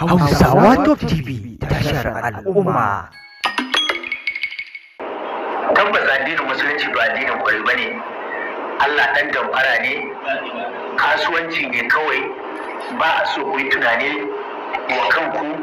Hausawa Top TV tashar al'umma. Tabbas addinin musulunci ba addinin kwari ba ne, Allah ɗan damfara ne, kasuwanci ne kawai ba a so ku yi tunani wa kanku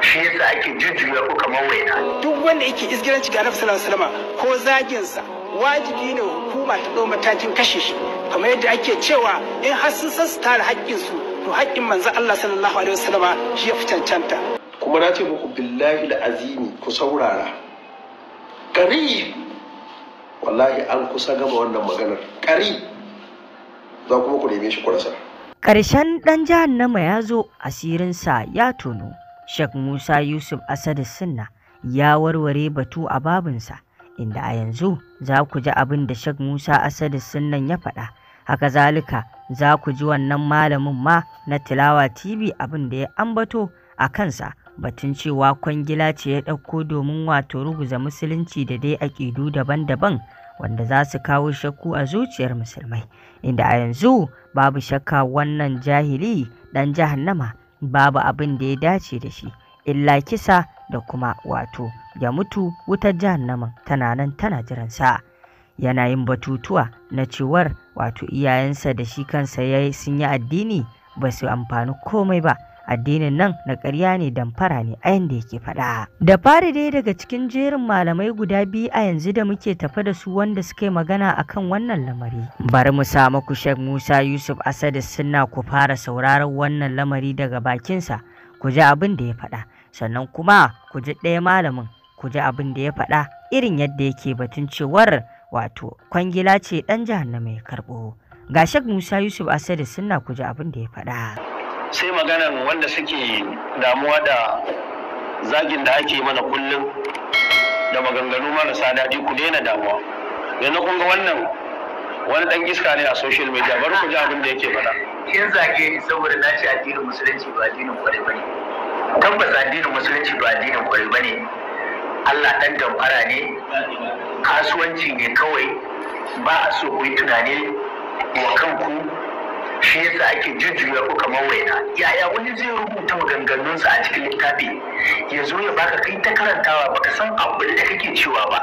shi yasa ake jujjuya ku kamar waina. Duk wanda yake isgiranci ga Annabi sallallahu alaihi wasallam ko zaginsa wajibi ne hukuma ta ɗau matakin kashe shi kamar yadda ake cewa in har sun san su tara haƙƙinsu to haƙƙin manzo Allah sallallahu alaihi ba shi ya fi cancanta kuma na ce muku billahi azimi ku saurara ƙari wallahi an kusa gama wannan maganar ƙari za kuma ku neme shi ku rasa ƙarshen ɗan jahannama ya zo asirin sa ya tono Sheikh Musa Yusuf Asad Sunna ya warware batu a babinsa inda a yanzu za ku ji abin da Sheikh Musa Asad Sunnan ya faɗa haka zalika za ku ji wannan malamin ma na tilawa tv abin da ya ambato a kansa batun cewa kwangila ce ya ɗauko domin wato ruguza musulunci da dai aƙidu daban-daban wanda za su kawo shakku a zuciyar musulmai inda a yanzu babu shakka wannan jahili ɗan jahannama babu abin da ya dace da shi illa kisa da kuma wato ya mutu wutar jahannaman tana nan tana jiransa yana yin batutuwa na cewar wato iyayensa da shi kansa ya sun yi addini ba su amfani komai ba addinin nan na karya ne damfara ne a yanda yake faɗa. Da fari dai daga cikin jerin malamai guda biyu a yanzu da muke tafa da su wanda suka yi magana kan wannan lamari. Bari mu samu ku shek Musa Yusuf Asadu Sunna ku fara sauraron wannan lamari daga bakinsa ku ji abin da ya faɗa sannan kuma ku ji ɗaya malamin ku ji abin da ya faɗa irin yadda yake batun cewar wato kwangila ce ɗan jihanna ya karɓo ga shek musa yusuf asadi suna kuji abin da ya faɗa sai maganar wanda suke damuwa da zagin da ake mana kullum da maganganu marasa daɗi ku daina damuwa yanzu kun ga wannan wani ɗan iska ne a social media bari ku ji abin da yake faɗa kin zage saboda na ce addinin musulunci ba addinin kwarai bane tabbas addinin musulunci ba addinin kwarai bane Allah ɗan damfara ne kasuwanci ne kawai ba a so ku yi tunani wa kanku shi yasa ake jujjuya ku kamar waina yaya wani zai rubuta maganganunsa a cikin littafi ya zo ya baka kai ta karantawa baka san abin da kake cewa ba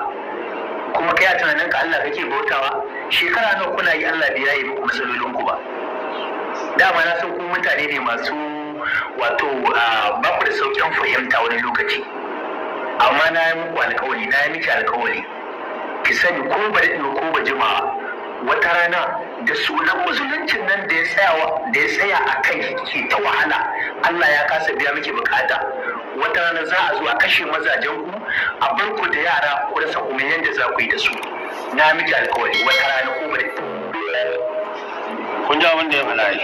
kuma kai a tunanin ka Allah kake bautawa shekara nawa kuna yi Allah bai yayi muku matsalolin ku ba dama na san ku mutane ne masu wato ah, ba ku da sauƙin fahimta wani lokaci amma na yi muku alkawari na yi miki alkawari ki sani ko ba daɗewa ko ba jima wata rana da sunan musuluncin nan da ya tsaya a kai ke ta wahala Allah ya kasa biya miki bukata wata rana za a zo a kashe mazajen ku a bar ku da yara ku rasa kuma yadda za ku yi da su na yi miki alkawari wata rana ko ba kun ji abin da ya faɗa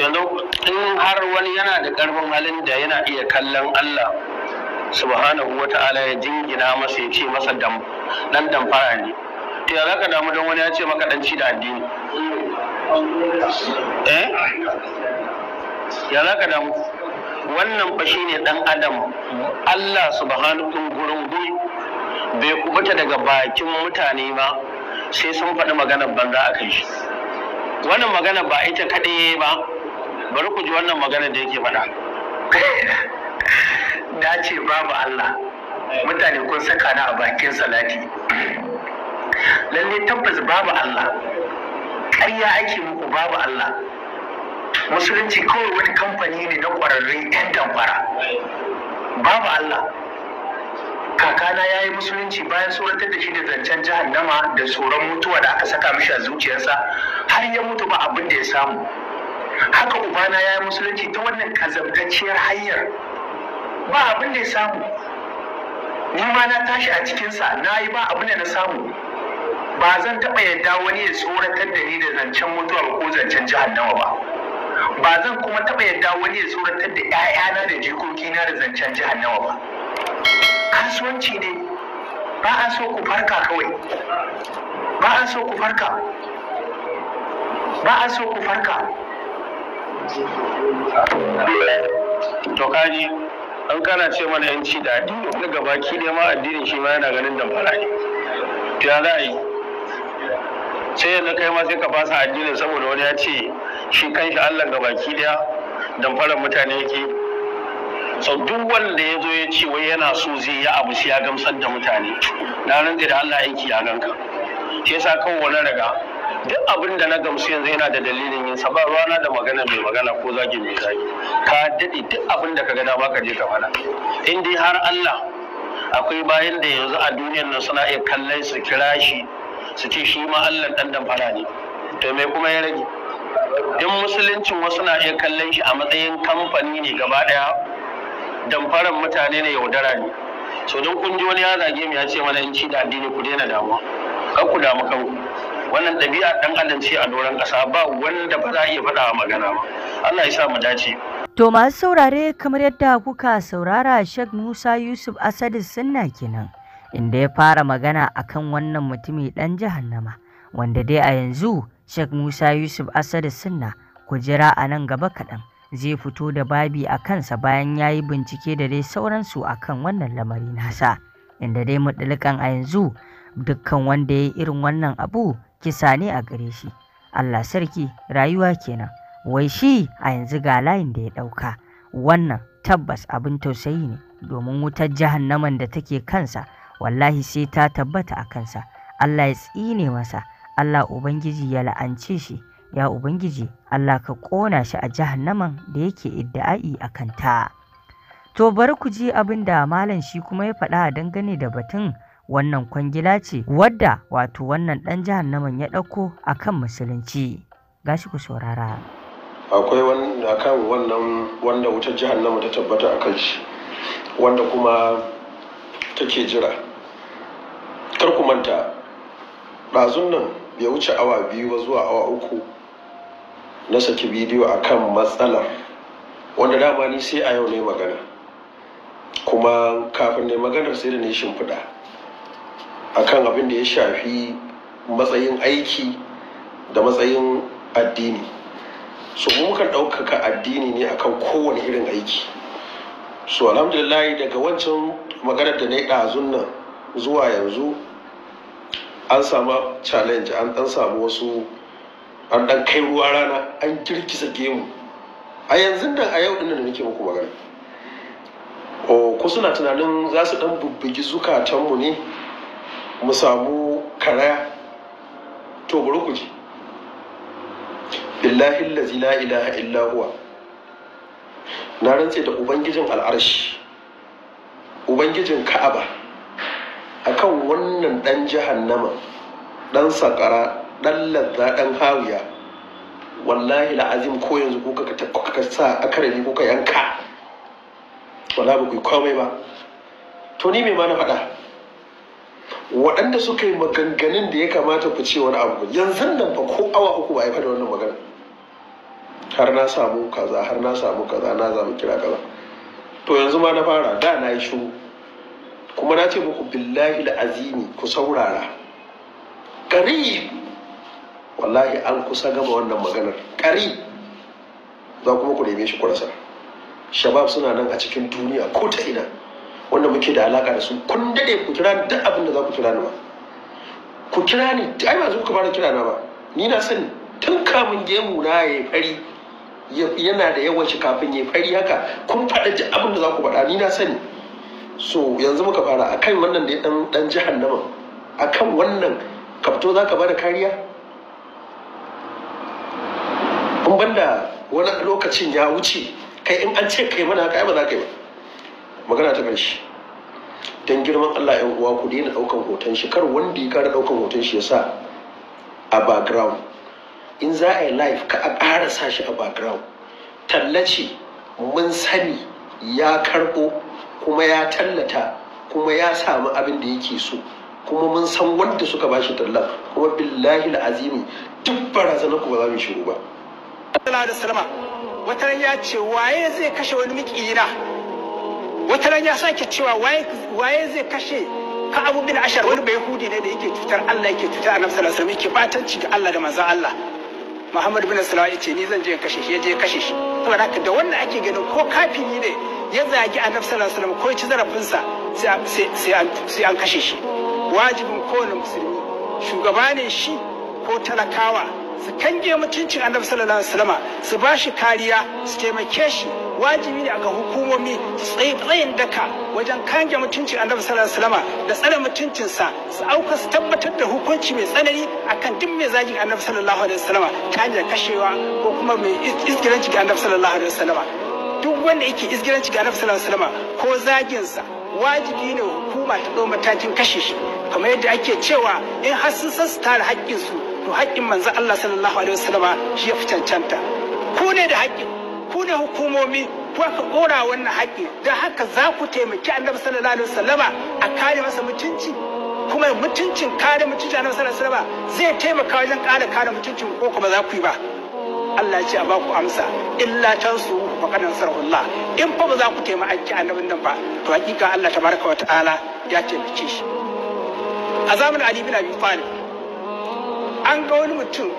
yanzu in har wani yana da ƙarfin halin da yana iya kallon Allah subhanahu wa ta'ala ya jingina masa ya ce masa dan damfara ne to ya zaka damu don wani ya ce maka dan ci da addini eh ya zaka damu wannan fa shine dan adam Allah subhanahu gurin gurin bai kubuta daga bakin mutane ba sai sun faɗi maganar banza a kai shi wannan magana ba ita kaɗai ba bari ku ji wannan magana da yake faɗa dace ce babu Allah mutane kun saka na a bakin salati lalle tabbas babu Allah ƙarya ake muku babu Allah musulunci kawai wani kamfani ne na ƙwararrun 'yan damfara babu Allah kakana ya yi musulunci bayan tsoratar da shi da zancen jahannama da tsoron mutuwa da aka saka mishi a zuciyarsa har ya mutu ba abin da ya samu haka ubana ya yi musulunci ta wannan kazabtacciyar hanyar ba abin da ya samu ni ma na tashi a cikinsa na yi ba abin da na samu ba zan taɓa yadda wani ya tsoratar da ni da zancen mutuwa ko zancen jahannama ba ba zan kuma taɓa yadda wani ya tsoratar da 'ya'yana da jikokina da zancen jahannama ba kasuwanci ne ba a so ku farka kawai ba a so ku farka ba a so ku farka to kaji an kana ce mana yanci da addini wani gabaki ne ma addinin shi ma yana ganin damfara ne to ya za yi sai yanzu kai ma sai ka fasa addinin saboda wani ya ce shi kanshi allah gabaki daya damfarar mutane yake sau duk wanda ya zo ya ce wai yana so zai yi abu shi ya gamsar da mutane na rantsa da allah aiki ya ganka shi yasa kawai wani raga duk abin da na gamsu yanzu yana da dalilin yin ba ruwana da magana mai magana ko zagi mai zagi ka daɗe duk abin da ka ga dama ka je ka fada in dai har Allah akwai bayan da yanzu a duniyar nan suna iya kallon su kira shi su ce shi ma Allah dan dan fara ne to me kuma ya rage in musuluncin wasu na iya kallon shi a matsayin kamfani ne gaba ɗaya. damfaran mutane ne yaudara ne so don kun ji wani ya zage mu ya ce mana in ci da addini ku daina damuwa kar ku damu kanku wannan ɗabi'a ɗan adam ce a doron ƙasa ba wanda ba za a iya faɗa magana ba Allah ya sa mu dace To masu saurare kamar yadda kuka saurara Sheikh Musa Yusuf Asadi Sunna kenan inda ya fara magana akan wannan mutumi dan jahannama wanda dai a yanzu Sheikh Musa Yusuf Asadi Sunna kujera a nan gaba kaɗan zai fito da babi a kansa bayan ya yi bincike da dai sauransu a kan wannan lamari nasa inda dai mutulukan a yanzu dukkan wanda ya yi irin wannan abu kisa ne a gare shi Allah sarki rayuwa kenan wai shi a yanzu ga layin da ya ɗauka wannan tabbas abin tausayi ne domin wutar jahannaman da take kansa wallahi sai ta tabbata a kansa Allah ya tsine masa Allah Ubangiji ya la'ance shi ya Ubangiji Allah ka kona shi a jahannaman da yake idda'i a kanta. To bari ku ji abinda malam shi kuma ya faɗa dangane da batun wannan kwangila ce wadda wato wannan ɗan jahannaman ya ɗauko a kan musulunci gashi ku saurara akwai akan wannan wanda wutar jahannama ta tabbata a kan shi wanda kuma take jira kar ku manta ɗazun nan ya wuce awa biyu ba zuwa awa uku na saki bidiyo a kan matsalar wanda dama ni sai a yau ne magana kuma kafin ne maganar sai da ne shimfiɗa akan abin da ya shafi matsayin aiki da matsayin addini so muka ɗaukaka addini ne akan kowane irin aiki so alhamdulillah daga wancan maganar da na yi ɗazun nan zuwa yanzu an samu challenge an ɗan samu wasu an ɗan kai ruwa rana an kirkisa gemu a yanzu da a yau da nake muku magana oh, ko suna tunanin za su ɗan bubbugi zukatanmu ne mu samu karaya to bari ku ji billahi allazi la ilaha illa huwa na rantse da ubangijin al'arshi ubangijin ka'aba akan wannan dan jahannama dan sakara dan ladda dan hawiya wallahi la'azim ko yanzu kuka sa akarami kuka yanka wallahi ba ku komai ba to ni me ma na faɗa waɗanda suka yi maganganun da ya kamata ku ce wani abu yanzu nan fa ko awa uku ba a yi da wannan magana har na samu kaza har na samu kaza na zamu kira kaza to yanzu ma na fara da na yi shiru kuma na ce muku billahi da azimi ku saurara ƙari wallahi an kusa gama wannan maganar ƙari za kuma ku neme shi kurasa shabab suna nan a cikin duniya ko ta ina wanda muke da alaka da su kun dade ku kira duk abin da za ku kira ni ba ku kira ni ai ba zo ku fara kira na ba ni na sani tun kamun gemu na ya fari yana da yawan shi kafin ya fari haka kun faɗa duk abin da za ku faɗa ni na sani so yanzu muka fara akan wannan da ya dan dan jahannama akan wannan ka fito za ka bada kariya kun banda wani lokacin ya wuce kai in an ce kai mana haka ai ba za ka yi ba magana ta ƙarshe don girman allah yan uwa ku daina ɗaukan hoton shi kar wanda ya kara ɗaukan hoton shi ya sa a background in za a yi live ka a ƙara sa shi a background tallace mun sani ya karɓo kuma ya tallata kuma ya samu abin da yake so kuma mun san wanda suka ba shi tallan kuma billahi azimi duk barazanar ku ba za mu shigo ba. Allah da salama wata ya ce waye zai kashe wani mikiyina wata ran ya sake cewa waye zai kashe ka abu bin ashar wani bai hudi ne da yake cutar Allah yake cutar a sallallahu alaihi yake batanci ga Allah da manzan Allah Muhammad bin Salawa yace ni zan je kashe shi ya je kashe shi saboda haka da wannan ake ganin ko kafiri ne ya zagi a sallallahu alaihi wasallam ko ya ci zarafinsa sai an kashe shi wajibin kowane musulmi shugaba ne shi ko talakawa su kange mutuncin annabi sallallahu alaihi wasallam su ba shi kariya su taimake shi wajibi ne a ga hukumomi tsayin daka wajen kange mutuncin annabi sallallahu alaihi wasallam da tsare mutuncinsa su auka su tabbatar da hukunci mai tsanani akan duk mai zagin annabi sallallahu alaihi wasallam ta hanyar kashewa ko kuma mai izgiranci ga annabi sallallahu alaihi wasallam duk wanda yake izgiranci ga annabi sallallahu alaihi wasallam ko zaginsa wajibi ne hukuma ta ɗau matakin kashe shi kamar yadda ake cewa in har sun san su tare haƙƙinsu to haƙƙin manzo Allah sallallahu alaihi wasallam shi ya fi cancanta ku ne da haƙƙin ku ne hukumomi ku aka ɗora wannan haƙƙi don haka za ku taimaki annabi sallallahu alaihi wasallama a kare masa mutunci kuma mutuncin kare mutunci annabi sallallahu alaihi wasallama zai taimaka wajen ƙara kare mutuncin ko kuma za ku yi ba Allah ya ce a baku amsa illa can su faqad nasarullah in fa ba za ku taimaki annabin nan ba to hakika Allah tabaraka wa ta'ala ya taimake shi a zamanin Ali bin Abi Talib an ga wani mutum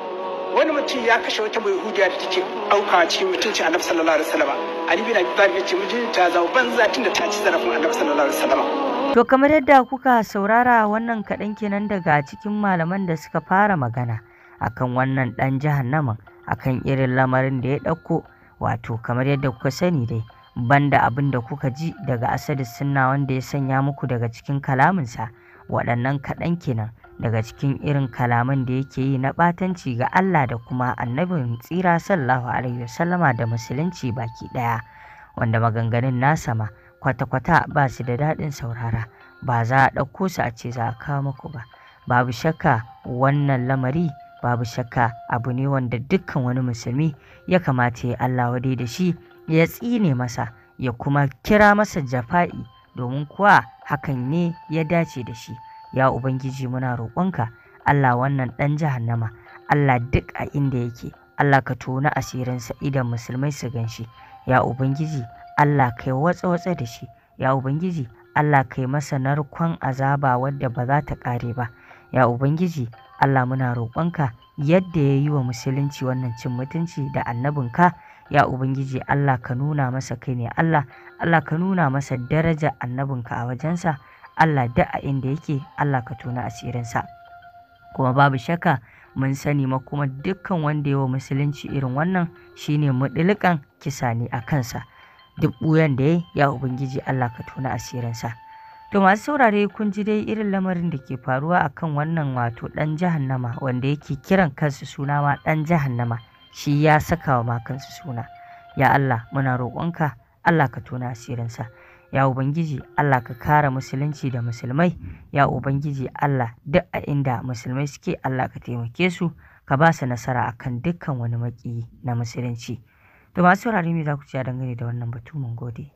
wani mutum ya kashe wata mai hudiya da take auka cikin mutunci annabi sallallahu alaihi wasallam ali bin abi talib yace mijin ta zama banza tunda ta ci zarafin annabi sallallahu alaihi wasallam to kamar yadda kuka saurara wannan kaɗan kenan daga cikin malaman da suka fara magana akan wannan ɗan jahannaman akan irin lamarin da ya ɗauko wato kamar yadda kuka sani dai banda abin da kuka ji daga asadi sunna wanda ya sanya muku daga cikin kalaminsa waɗannan kaɗan kenan daga cikin irin kalaman da yake yi na ɓatanci ga Allah da kuma annabin tsira sallahu alaihi wasallama da musulunci baki ɗaya wanda maganganun nasa ma kwata-kwata ba su da daɗin saurara ba za a ɗauko su a ce za a kawo muku ba babu shakka wannan lamari babu shakka abu ne wanda dukkan wani musulmi ya kamata ya Allah wadai da shi ya tsine masa ya kuma kira masa jafa'i domin kuwa hakan ne ya dace da shi. ya ubangiji muna roƙonka Allah wannan ɗan jahannama Allah duk a inda yake Allah ka tona asirinsa idan musulmai su ganshi. ya ubangiji Allah kai watsa-watsa da shi ya ubangiji Allah kai masa narkon azaba wadda ba za ta ƙare ba ya ubangiji Allah muna roƙonka yadda ya yi wa musulunci wannan cin mutunci da annabinka ya ubangiji Allah ka nuna masa kai ne Allah Allah ka nuna masa daraja annabinka a wajensa Allah duk a inda yake Allah ka tona asirinsa kuma babu shakka mun sani ma kuma dukkan wanda yawa musulunci irin wannan shine mudulukan kisa ne a kansa duk buyan da ya ya ubangiji Allah ka tona asirinsa to masu saurare kun ji dai irin lamarin da ke faruwa akan wannan wato dan jahannama wanda yake kiran kansu suna ma dan jahannama shi ya saka wa ma kansu suna ya Allah muna roƙonka Allah ka tona asirinsa Ya Ubangiji Allah ka kare musulunci da musulmai, ya Ubangiji Allah duk a inda musulmai suke Allah ka taimake su ka ba su nasara akan dukkan wani maki na musulunci. To masu saurare me za ku ci dangane da wannan batu mun gode.